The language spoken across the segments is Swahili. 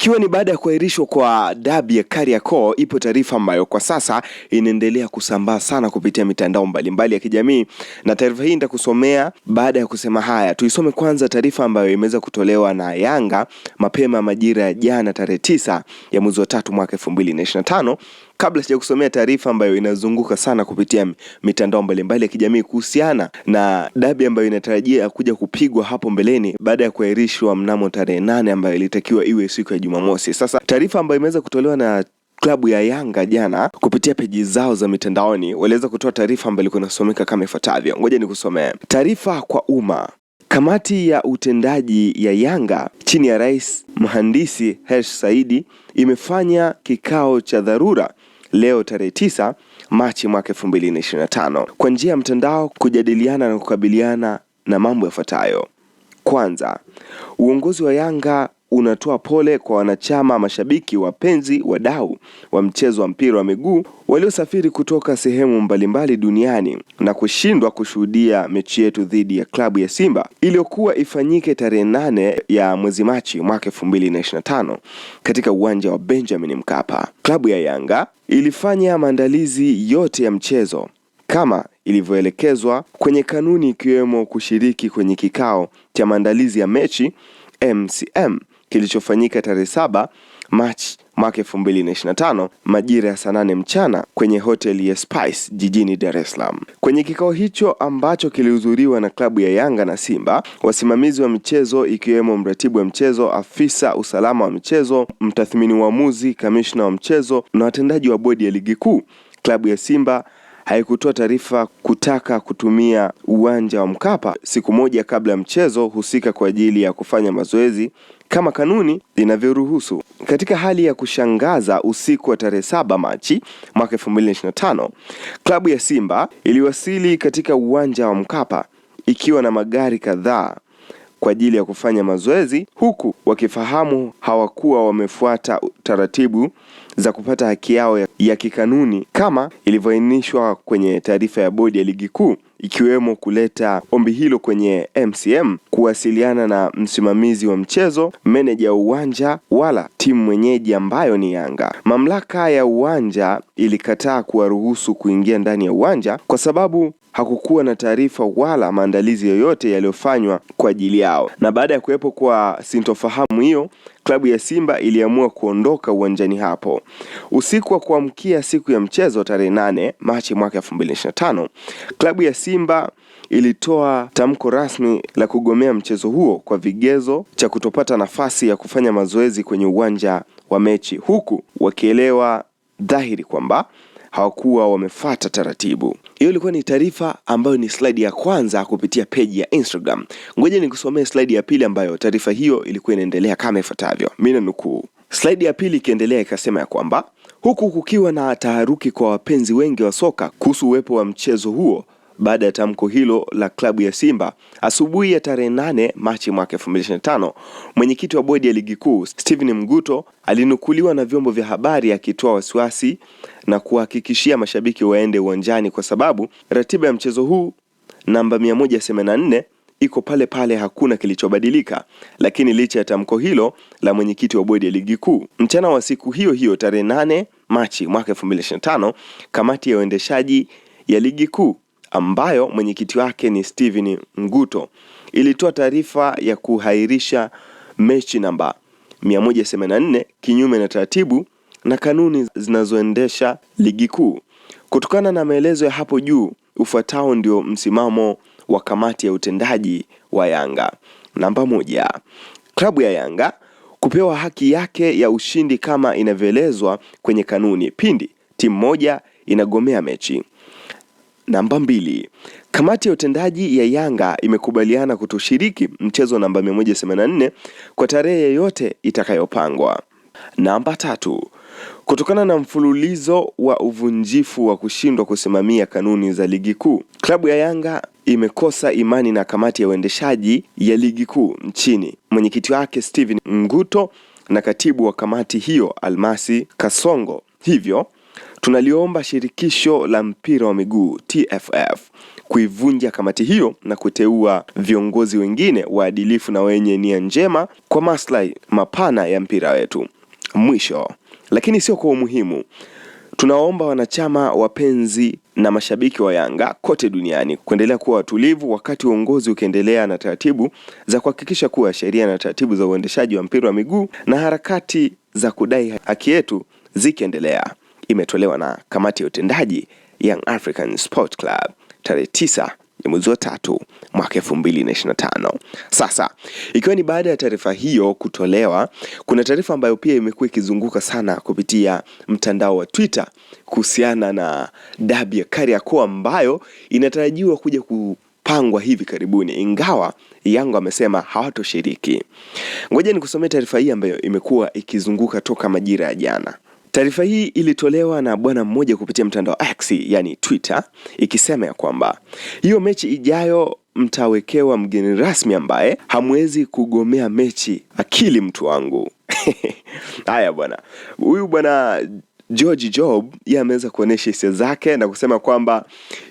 Ikiwa ni baada ya kuahirishwa kwa dabi ya Kariakoo, ipo taarifa ambayo kwa sasa inaendelea kusambaa sana kupitia mitandao mbalimbali mbali ya kijamii, na taarifa hii nitakusomea baada ya kusema haya. Tuisome kwanza taarifa ambayo imeweza kutolewa na Yanga mapema majira ya jana tarehe tisa ya mwezi wa tatu mwaka 2025 Kabla sijakusomea taarifa ambayo inazunguka sana kupitia mitandao mbalimbali ya kijamii kuhusiana na dabi ambayo inatarajia kuja kupigwa hapo mbeleni baada ya kuahirishwa mnamo tarehe nane ambayo ilitakiwa iwe siku ya Jumamosi. Sasa taarifa ambayo imeweza kutolewa na klabu ya Yanga jana kupitia peji zao za mitandaoni waliweza kutoa taarifa ambayo ilikuwa inasomeka kama ifuatavyo. Ngoja nikusomee taarifa kwa umma. Kamati ya utendaji ya Yanga chini ya Rais Mhandisi Hersi Saidi imefanya kikao cha dharura leo tarehe 9 Machi mwaka 2025 kwa njia ya mtandao kujadiliana na kukabiliana na mambo yafuatayo. Kwanza, uongozi wa Yanga unatoa pole kwa wanachama, mashabiki, wapenzi, wadau wa mchezo wa mpira wa miguu waliosafiri kutoka sehemu mbalimbali duniani na kushindwa kushuhudia mechi yetu dhidi ya klabu ya Simba iliyokuwa ifanyike tarehe nane ya mwezi Machi mwaka 2025 katika uwanja wa Benjamin Mkapa. Klabu ya Yanga ilifanya maandalizi yote ya mchezo kama ilivyoelekezwa kwenye kanuni ikiwemo kushiriki kwenye kikao cha maandalizi ya mechi MCM kilichofanyika tarehe saba Machi mwaka 2025 majira ya saa nane mchana kwenye hoteli ya Spice jijini Dar es Salaam. Kwenye kikao hicho ambacho kilihudhuriwa na klabu ya Yanga na Simba, wasimamizi wa michezo ikiwemo mratibu wa mchezo, afisa usalama wa michezo, mtathmini uamuzi, kamishna wa mchezo na watendaji wa bodi ya ligi kuu, klabu ya Simba haikutoa taarifa kutaka kutumia uwanja wa Mkapa siku moja kabla ya mchezo husika kwa ajili ya kufanya mazoezi kama kanuni inavyoruhusu. Katika hali ya kushangaza, usiku wa tarehe saba Machi mwaka 2025 klabu ya Simba iliwasili katika uwanja wa Mkapa ikiwa na magari kadhaa kwa ajili ya kufanya mazoezi, huku wakifahamu hawakuwa wamefuata taratibu za kupata haki yao ya, ya kikanuni kama ilivyoainishwa kwenye taarifa ya Bodi ya Ligi Kuu, ikiwemo kuleta ombi hilo kwenye MCM, kuwasiliana na msimamizi wa mchezo, meneja wa uwanja, wala timu mwenyeji ambayo ni Yanga. Mamlaka ya uwanja ilikataa kuwaruhusu kuingia ndani ya uwanja kwa sababu hakukuwa na taarifa wala maandalizi yoyote yaliyofanywa kwa ajili yao. Na baada ya kuwepo kwa sintofahamu hiyo, klabu ya Simba iliamua kuondoka uwanjani hapo. Usiku wa kuamkia siku ya mchezo tarehe nane Machi mwaka 2025, klabu ya Simba ilitoa tamko rasmi la kugomea mchezo huo kwa vigezo cha kutopata nafasi ya kufanya mazoezi kwenye uwanja wa mechi, huku wakielewa dhahiri kwamba hawakuwa wamefata taratibu. Hiyo ilikuwa ni taarifa ambayo ni slide ya kwanza kupitia peji ya Instagram. Ngoja nikusomee slide ya pili ambayo taarifa hiyo ilikuwa inaendelea kama ifuatavyo, mimi nukuu Slide ya pili ikiendelea ikasema ya kwamba huku kukiwa na taharuki kwa wapenzi wengi wa soka kuhusu uwepo wa mchezo huo baada ya tamko hilo la klabu ya Simba. Asubuhi ya tarehe 8 Machi mwaka 2025, mwenyekiti wa bodi ya ligi kuu Steven Mguto alinukuliwa na vyombo vya habari akitoa wasiwasi na kuhakikishia mashabiki waende uwanjani kwa sababu ratiba ya mchezo huu namba 184 iko pale pale, hakuna kilichobadilika. Lakini licha ya tamko hilo la mwenyekiti wa bodi ya ligi kuu, mchana wa siku hiyo hiyo tarehe nane Machi mwaka 2025, kamati ya uendeshaji ya ligi kuu ambayo mwenyekiti wake ni Steven Nguto ilitoa taarifa ya kuhairisha mechi namba 184 kinyume na taratibu na kanuni zinazoendesha ligi kuu. Kutokana na maelezo ya hapo juu, ufuatao ndio msimamo wa kamati ya utendaji wa Yanga. Namba moja, klabu ya Yanga kupewa haki yake ya ushindi kama inavyoelezwa kwenye kanuni pindi timu moja inagomea mechi. Namba mbili, kamati ya utendaji ya Yanga imekubaliana kutoshiriki mchezo namba 184 kwa tarehe yoyote itakayopangwa. Namba tatu, kutokana na mfululizo wa uvunjifu wa kushindwa kusimamia kanuni za ligi kuu, klabu ya Yanga imekosa imani na kamati ya uendeshaji ya ligi kuu nchini, mwenyekiti wake Steven Nguto na katibu wa kamati hiyo Almasi Kasongo, hivyo Tunaliomba shirikisho la mpira wa miguu TFF kuivunja kamati hiyo na kuteua viongozi wengine waadilifu na wenye nia njema kwa maslahi mapana ya mpira wetu. Mwisho lakini sio kwa umuhimu, tunaomba wanachama, wapenzi na mashabiki wa Yanga kote duniani kuendelea kuwa watulivu wakati uongozi ukiendelea na taratibu za kuhakikisha kuwa sheria na taratibu za uendeshaji wa mpira wa miguu na harakati za kudai haki yetu zikiendelea imetolewa na kamati ya utendaji Young African Sport Club tarehe tisa ya mwezi wa tatu mwaka 2025. Sasa ikiwa ni baada ya taarifa hiyo kutolewa, kuna taarifa ambayo pia imekuwa ikizunguka sana kupitia mtandao wa Twitter kuhusiana na dabi ya Kariakoo ambayo inatarajiwa kuja kupangwa hivi karibuni, ingawa Yanga amesema hawatoshiriki. Ngoja nikusomee taarifa hii ambayo imekuwa ikizunguka toka majira ya jana. Taarifa hii ilitolewa na bwana mmoja kupitia mtandao X, yani Twitter, ikisema ya kwamba hiyo mechi ijayo mtawekewa mgeni rasmi ambaye hamwezi kugomea mechi. Akili mtu wangu. Haya bwana, huyu bwana George Job yeye ameweza kuonyesha hisia zake na kusema kwamba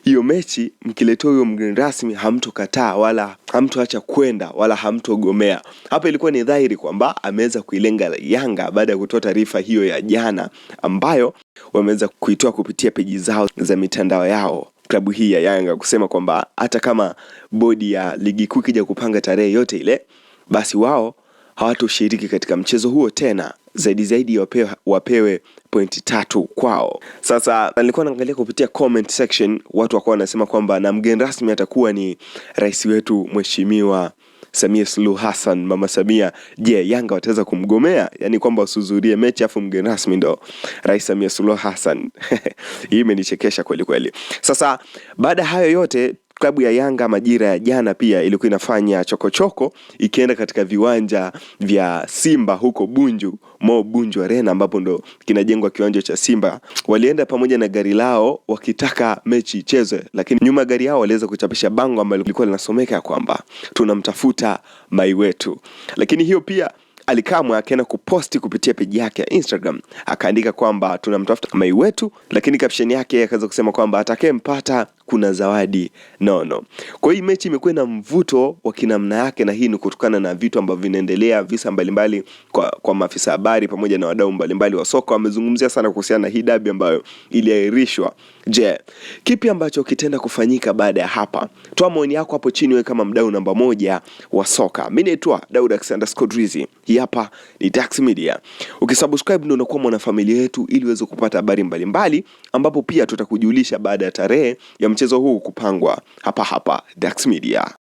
hiyo mechi mkiletea huyo mgeni rasmi hamtokataa wala hamtoacha kwenda wala hamtogomea. Hapa ilikuwa ni dhahiri kwamba ameweza kuilenga Yanga baada ya kutoa taarifa hiyo ya jana ambayo wameweza kuitoa kupitia peji zao za mitandao yao klabu hii ya Yanga kusema kwamba hata kama bodi ya ligi kuu ikija kupanga tarehe yote ile, basi wao hawatoshiriki katika mchezo huo tena, zaidi zaidi wapewe, wapewe pointi tatu kwao. Sasa nilikuwa naangalia kupitia comment section, watu wakawa wanasema kwamba na mgeni rasmi atakuwa ni rais wetu mheshimiwa Samia Suluhu Hassan, mama Samia. Je, yeah, Yanga wataweza kumgomea? Yaani kwamba usihudhurie mechi afu mgeni rasmi ndo Rais Samia Suluhu Hassan. Hii imenichekesha kweli kweli. Sasa baada ya hayo yote klabu ya Yanga majira ya jana pia ilikuwa inafanya chokochoko ikienda katika viwanja vya Simba huko Bunju Mo Bunju Arena ambapo ndo kinajengwa kiwanja cha Simba. Walienda pamoja na gari lao wakitaka mechi ichezwe, lakini nyuma gari yao waliweza kuchapisha bango ambalo lilikuwa linasomeka kwamba tunamtafuta mai wetu, lakini hiyo pia Alikamwe akaenda kuposti kupitia peji yake ya Instagram akaandika kwamba tunamtafuta mai wetu, lakini caption yake akaweza kusema kwamba atakayempata kuna zawadi nono. Kwa hiyo mechi imekuwa na mvuto wa kinamna yake, na hii ni kutokana na vitu ambavyo vinaendelea, visa mbalimbali mbali kwa, kwa maafisa habari pamoja na wadau mbalimbali wa soka wamezungumzia sana kuhusiana na hii dabi ambayo iliahirishwa. Je, kipi ambacho kitenda kufanyika baada ya hapa? Toa maoni yako hapo chini, wewe kama mdau namba moja wa soka. Mimi naitwa Daud Alexander Skodrizi, hii hapa ni Dax Media. Ukisubscribe ndio unakuwa mwanafamilia yetu, ili uweze kupata habari mbalimbali, ambapo pia tutakujulisha baada ya tarehe ya mchezo huu kupangwa hapa hapa Dax Media.